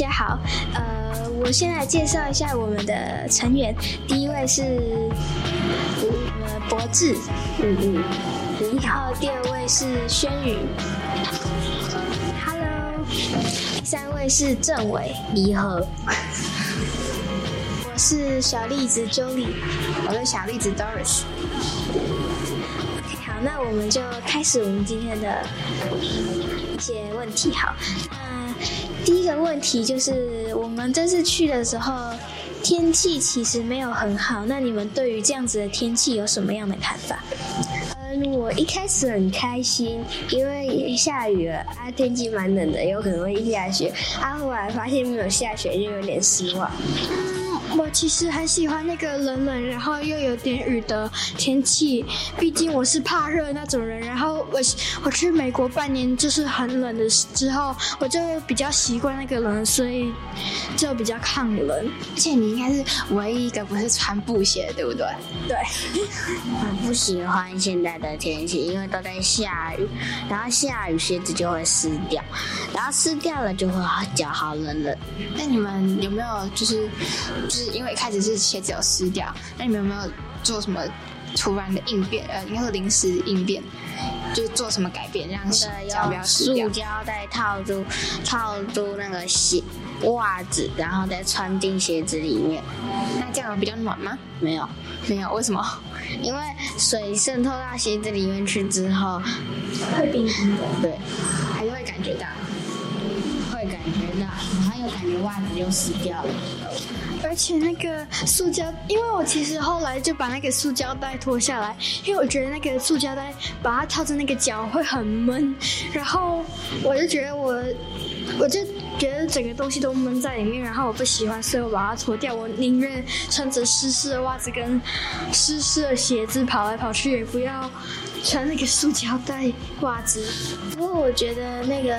大家好，呃，我先來介紹一下我們的成員。第一位是呃博智，嗯志嗯，然、嗯、後、嗯嗯嗯嗯、第二位是軒宇，Hello，第三位是政偉，李和。我是小栗子 Jolie，我的小栗子 Doris。Okay, 好，那我們就開始我們今天的、嗯、一些問題，好。那第一個問題就是，我們這次去的時候，天氣其實沒有很好。那你們對於這樣子的天氣有什麼樣的看法？嗯、呃，我一開始很開心，因為下雨啊天氣蠻冷的，有可能會下雪。啊，後來發現沒有下雪，就有點失望。我其實很喜歡那個冷冷，然後又有點雨的天氣。畢竟我是怕熱那種人。然後我我去美國半年，就是很冷的時候，我就比較習慣那個冷，所以就比較抗冷。而且你應該是唯一一個不是穿布鞋，對不對？對。我不喜歡現在的天氣，因為都在下雨，然後下雨鞋子就會濕掉，然後濕掉了就會腳好，好冷冷。那你們有沒有就是？是因為一開始是鞋子有濕掉，那你們有沒有做什麼突然的應變？呃，應該是臨時應變，就是做什麼改變，讓鞋子不要濕掉？那個、塑膠袋套住套住那個鞋襪子，然後再穿進鞋子裡面。那這樣比較暖嗎？沒有，沒有，為什麼？因為水滲透到鞋子裡面去之後，會冰冰的。對，還是會感覺到，會感覺到，然後又感覺襪子又濕掉了。而且那個塑膠，因為我其實後來就把那個塑膠袋脫下來，因為我覺得那個塑膠袋把它套着那個腳會很悶，然後我就覺得我，我就覺得整個東西都悶在裡面，然後我不喜歡，所以我把它脫掉。我寧願穿着濕濕的襪子跟濕濕的鞋子跑來跑去，也不要穿那個塑膠袋襪子。不過我覺得那個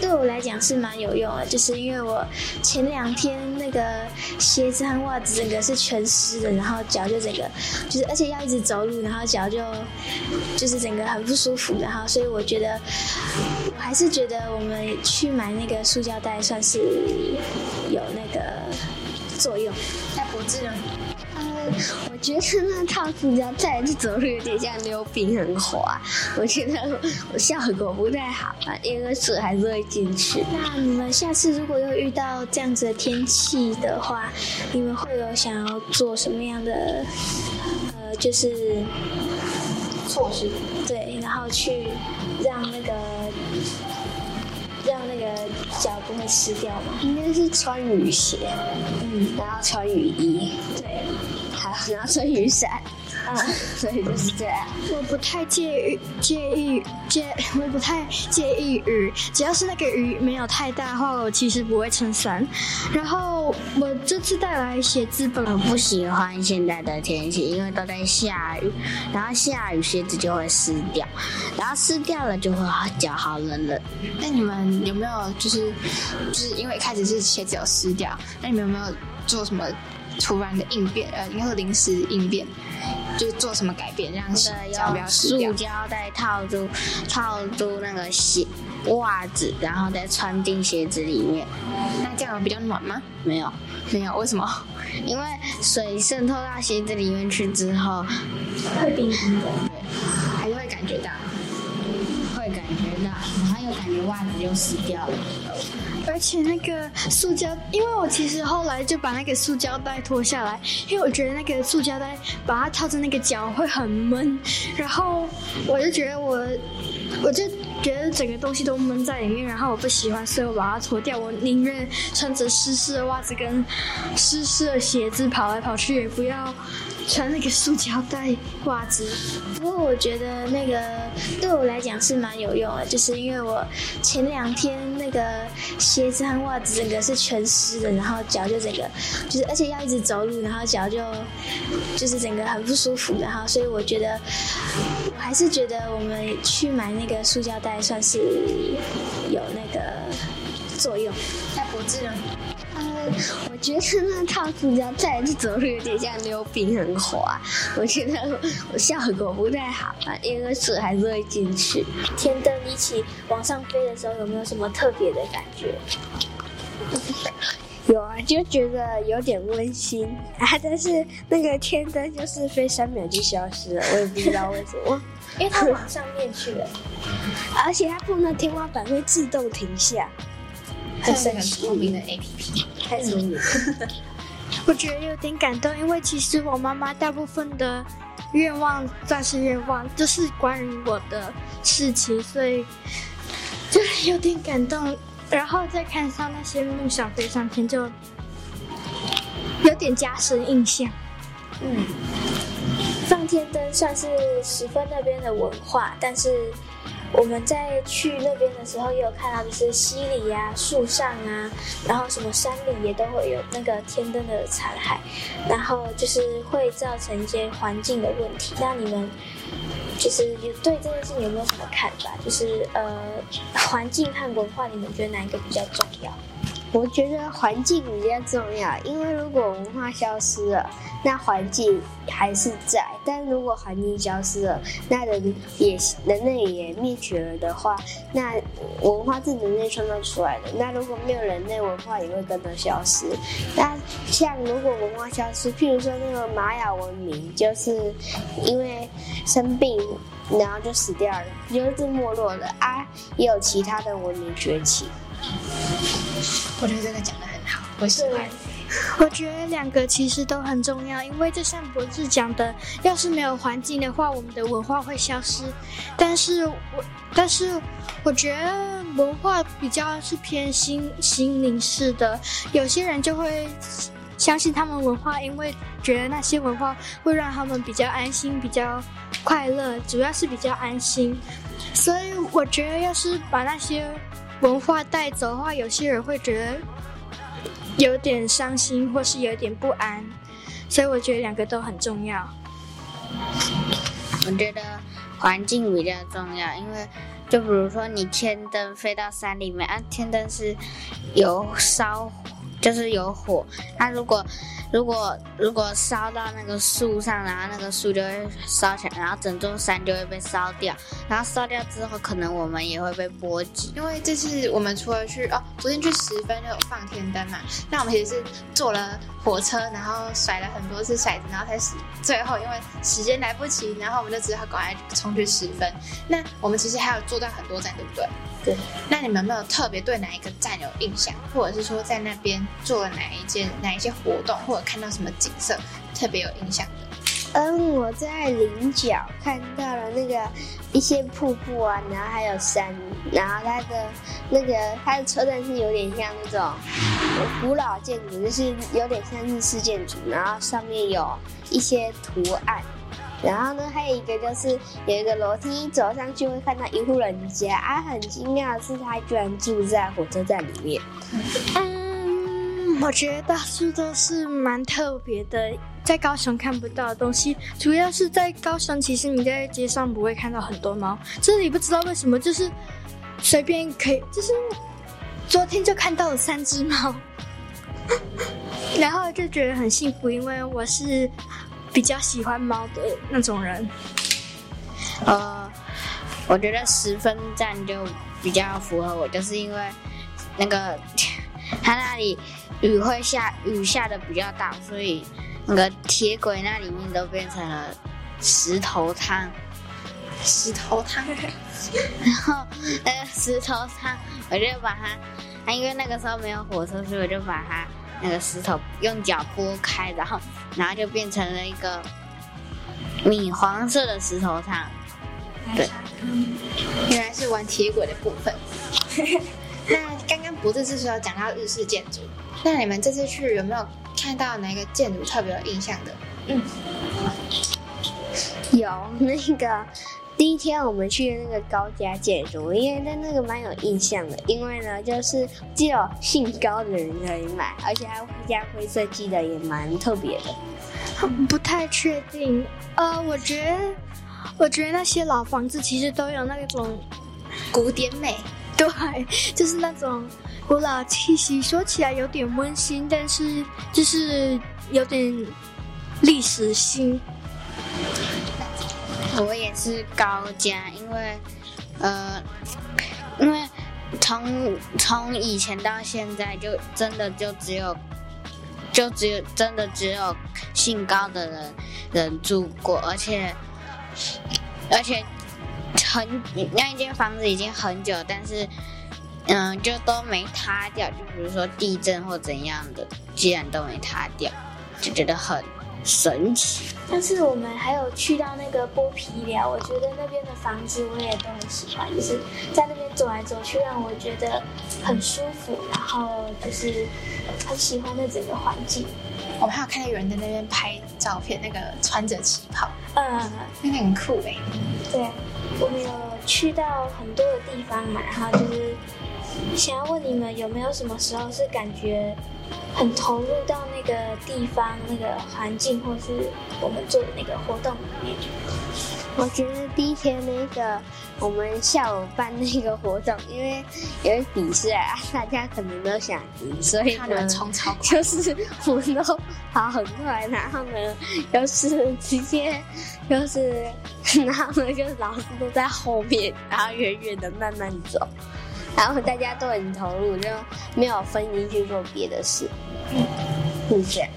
對我來講是蠻有用的，就是因為我前兩天的鞋子和襪子整個是全濕的，然後腳就整個就是，而且要一直走路，然後腳就就是整個很不舒服的哈。然後所以我覺得，我還是覺得我們去買那個塑膠袋算是有那個作用。那脖子呢？我覺得那套比較來就走路有點像溜冰很滑。我覺得我效果不太好，因為水還是會進去。那你們下次如果又遇到這樣子的天氣的話，你們會有想要做什麼樣的呃，就是措施？對，然後去。腳不會濕掉嗎？應該是穿雨鞋，嗯，然後穿雨衣，對，好，然後穿雨傘。啊、uh,，所以就是這樣。 我不太介意介意介，我也不太介意雨，只要是那個雨沒有太大的話，我其實不會撐傘。然後我這次帶來鞋子，本來我不喜歡現在的天氣，因為都在下雨，然後下雨鞋子就會濕掉，然後濕掉了就會腳好冷冷。那你們有沒有就是就是因為開始是鞋子有濕掉，那你們有沒有做什麼突然的應變？呃，應該是臨時應變。就做什麼改變，這樣不要塑膠袋套住，套住那個鞋襪子，然後再穿進鞋子裡面。嗯、那這樣比較暖嗎？沒有，沒有。為什麼？因為水滲透到鞋子裡面去之後，會冰冰的，對，還是會感覺到。感覺襪子又濕掉了，而且那個塑膠，因為我其實後來就把那個塑膠袋脫下來，因為我覺得那個塑膠袋把它套在那個腳會很悶，然後我就覺得我，我就覺得整個東西都悶在裡面，然後我不喜歡，所以我把它脫掉，我寧願穿着濕濕的襪子跟濕濕的鞋子跑來跑去，也不要。穿那個塑膠袋襪子，不過我覺得那個對我來講是蠻有用的，就是因為我前兩天那個鞋子和襪子整個是全濕的，然後腳就整個就是，而且要一直走路，然後腳就就是整個很不舒服，然後所以我覺得我還是覺得我們去買那個塑膠袋算是有那個作用。那脖子呢？嗯、呃。覺得那套塑膠在走路有點像溜冰，很滑。我覺得我，我效果不太好，因為水還是會進去。天燈一起往上飛的時候，有沒有什麼特別的感覺？ 有啊，就覺得有點溫馨啊。但是那個天燈就是飛三秒就消失了，我也不知道為什麼， 因為它往上面去了， 而且它碰到天花板會自動停下。還是個透明的 APP，太聰明了。嗯、 我覺得有點感動，因為其實我媽媽大部分的願望算是願望，就是關於我的事情，所以就是有點感動。然後再看上那些夢想飛上天，就有點加深印象。嗯，放、嗯、天燈算是十分那邊的文化，但是，我們在去那邊的時候，也有看到，就是溪裡啊、樹上啊，然後什麼山裡也都會有那個天燈的殘骸，然後就是會造成一些環境的問題。那你們就是有對這件事情有沒有什麼看法？就是呃，環境和文化，你們覺得哪一個比較重要？我覺得環境比較重要，因為如果文化消失了，那環境還是在；但如果環境消失了，那人也人類也滅絕了的話，那文化是人類創造出來的，那如果沒有人類，文化也會跟着消失。那像如果文化消失，譬如說那個瑪雅文明，就是因為生病，然後就死掉了，就是沒落了啊，也有其他的文明崛起。我覺得這個講得很好，我喜歡。我覺得兩個其實都很重要，因為就像博士講的，要是沒有環境的話，我們的文化會消失。但是我，但是我覺得文化比較是偏心心靈式的，有些人就會相信他們文化，因為覺得那些文化會讓他們比較安心、比較快樂，主要是比較安心。所以我覺得，要是把那些文化帶走的話，有些人會覺得有點傷心，或是有點不安，所以我覺得兩個都很重要。我覺得環境比較重要，因為就比如說你天燈飛到山裡面，啊，天燈是有燒，就是有火，那如果如果如果燒到那個樹上，然後那個樹就會燒起來，然後整座山就會被燒掉。然後燒掉之後，可能我們也會被波及。因為這次我們除了去哦，昨天去十分又有放天燈嘛，那我們其實是坐了火車，然後甩了很多次骰子，然後才是最後因為時間來不及，然後我們就只好趕快衝去十分。那我們其實還有坐到很多站，對不對？對。那你們有沒有特別對哪一個站有印象，或者是說在那邊做了哪一件哪一些活動，或者？看到什麼景色特別有印象的？嗯，我在嶺腳看到了那個一些瀑布啊，然後還有山，然後它的那個它的車站是有點像那種古老建築，就是有點像日式建築，然後上面有一些圖案。然後呢，還有一個就是有一個樓梯，走上去會看到一戶人家啊，很驚訝的是，他居然住在火車站裡面。嗯嗯我覺得到處都是蠻特別的，在高雄看不到的東西。主要是在高雄，其實你在街上不會看到很多貓。這裡不知道為什麼，就是隨便可以，就是昨天就看到了三隻貓， 然後就覺得很幸福，因為我是比較喜歡貓的那種人。呃，我覺得十分讚就比較符合我，就是因為那個。它那裡雨會下雨，下得比較大，所以那個鐵軌那裡面都變成了石頭湯。石頭湯，然後呃，那個、石頭湯，我就把它，它因為那個時候沒有火車，所以我就把它那個石頭用腳撥開，然後然後就變成了一個米黃色的石頭湯。對，原來是玩鐵軌的部分。嘿嘿。那剛剛不是是說講到日式建築，那你們這次去有沒有看到哪一個建築特別有印象的？嗯，有，那個第一天我們去的那個高家建築，因為在那個蠻有印象的，因為呢就是只有姓高的人可以買，而且他家灰色記得也蠻特別的。不太確定，呃，我覺得我覺得那些老房子其實都有那種古典美。對，就是那種古老氣息，說起來有點溫馨，但是就是有點歷史性。我也是高家，因為呃，因為從從以前到現在，就真的就只有就只有真的只有姓高的人人住過，而且而且。很，那一間房子已經很久，但是，嗯、呃，就都沒塌掉。就比如說地震或怎樣的，居然都沒塌掉，就覺得很神奇。但是我們還有去到那個剝皮寮，我覺得那邊的房子我也都很喜歡，就是在那邊走來走去，讓我覺得很舒服。嗯，然後就是很喜歡那整個環境。我們還有看到有人在那邊拍照片，那個穿着旗袍，嗯，那個很酷誒、欸嗯，對、啊。我們有去到很多的地方嘛，然後就是想要問你們有沒有什麼時候是感覺很投入到那個地方、那個環境，或是我們做的那個活動裡面。我覺得第一天那個我們下午辦那個活動，因為有比賽啊，大家可能都想贏，所以他們就是我們都跑很快，然後呢就是直接就是，然後呢，就是老師都在後面，然後遠遠的慢慢走，然後大家都很投入，就沒有分心去做別的事。嗯。謝謝。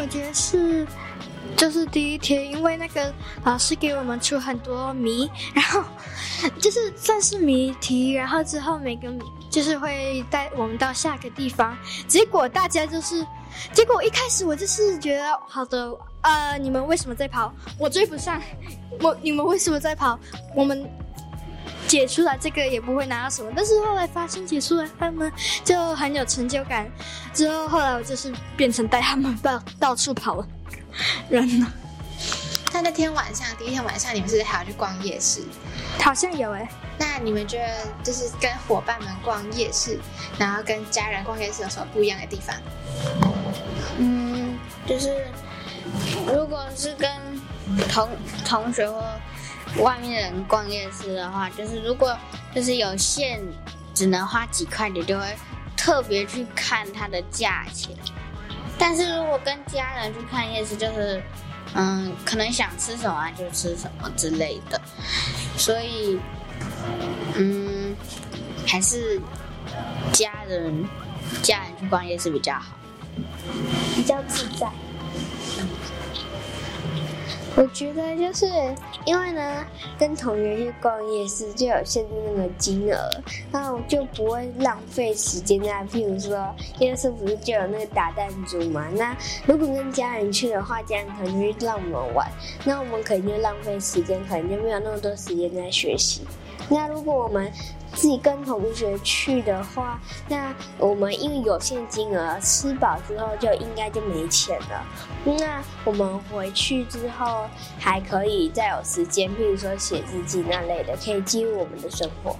我覺得是。就是第一天，因為那個老師給我們出很多謎，然後就是算是謎題，然後之後每個謎就是會帶我們到下個地方。結果大家就是，結果一開始我就是覺得好的，呃，你們為什麼在跑？我追不上，我你們為什麼在跑？我們解出來這個也不會拿到什麼，但是後來發現解出來他們就很有成就感。之後後來我就是變成帶他們到到處跑了。人呢？那那天晚上，第一天晚上，你們是不是還要去逛夜市？好像有哎、欸。那你們覺得，就是跟夥伴們逛夜市，然後跟家人逛夜市，有什麼不一樣的地方？嗯，就是如果是跟同同學或外面的人逛夜市的話，就是如果就是有限，只能花幾塊，你就會特別去看它的價錢。但是如果跟家人去看夜市，就是，嗯，可能想吃什麼就吃什麼之類的，所以，嗯，還是家人，家人去逛夜市比較好，比較自在。我覺得就是。因為呢，跟同學去逛夜市就有限制那個金額，那我就不會浪費時間啊。譬如說，夜市不是就有那個打彈珠嘛？那如果跟家人去的話，家人可能就會讓我們玩，那我們可能就浪費時間，可能就沒有那麼多時間在學習。那如果我們自己跟同學去的話，那我們因為有限金額，吃飽之後就應該就沒錢了。那我們回去之後還可以再有時間，譬如說寫日記那類的，可以記錄我們的生活。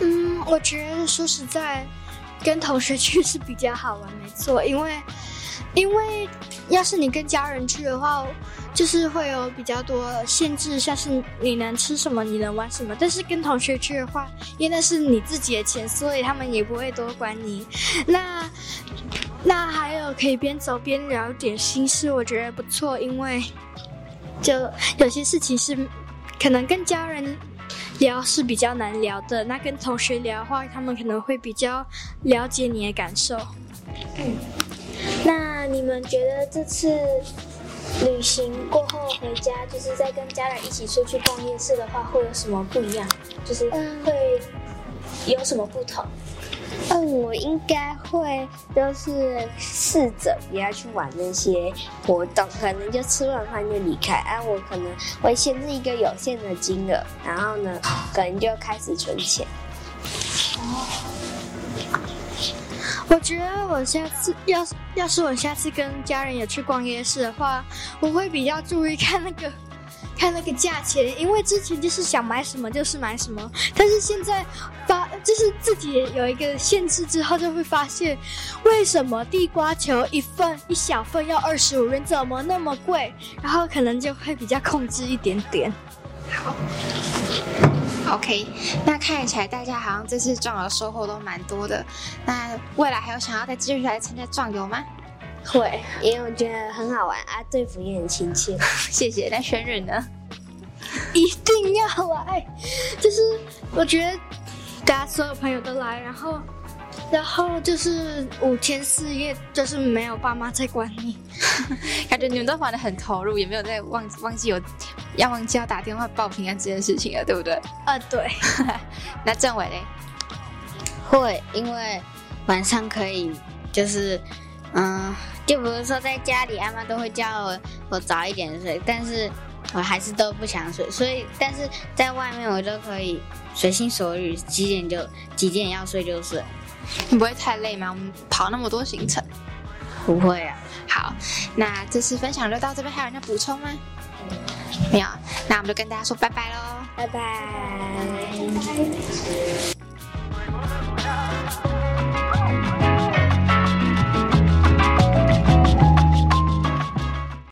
嗯，我覺得說實在，跟同學去是比較好玩，沒錯。因為，因為要是你跟家人去的話。就是會有比較多限制，像是你能吃什麼，你能玩什麼。但是跟同學去的話，因為那是你自己的錢，所以他們也不會多管你。那，那還有可以邊走邊聊點心事，我覺得不錯，因為就有些事情是可能跟家人聊是比較難聊的。那跟同學聊的話，他們可能會比較了解你的感受。嗯，那你們覺得這次？旅行過後回家，就是再跟家人一起出去逛夜市的話，會有什麼不一樣？就是會有什麼不同？嗯，我應該會就是試着不要去玩那些活動，可能就吃完飯就離開。啊，我可能會限制一個有限的金額，然後呢，可能就開始存錢。我覺得我下次要是，要是我下次跟家人也去逛夜市的話，我會比較注意看那個，看那個價錢，因為之前就是想買什麼就是買什麼，但是現在發就是自己有一個限制之後，就會發現為什麼地瓜球一份一小份要二十五元，怎麼那麼貴？然後可能就會比較控制一點點。好。OK，那看起來大家好像這次壯遊收穫都蠻多的。那未來還有想要再繼續來參加壯遊嗎？會，因為我覺得很好玩啊，隊輔也很親切。 謝謝。那軒潤呢？一定要來，就是我覺得大家所有朋友都來，然後然後就是五天四夜，就是沒有爸媽在管你， 感覺你們都玩的很投入，也沒有在忘忘記有。要忘記要打電話報平安這件事情了，對不對？呃、哦，對。 那政委嘞？會，因為晚上可以，就是，嗯、呃，就比如說在家裡，阿媽都會叫我，我早一點睡，但是我還是都不想睡，所以，但是在外面我都可以隨心所欲，幾點就幾點要睡就睡。你不會太累嗎？我們跑那麼多行程。不會啊。好，那這次分享就到這邊，還有人要補充嗎？沒有，那我們就跟大家說拜拜嘍，拜拜。拜拜拜拜拜拜拜拜。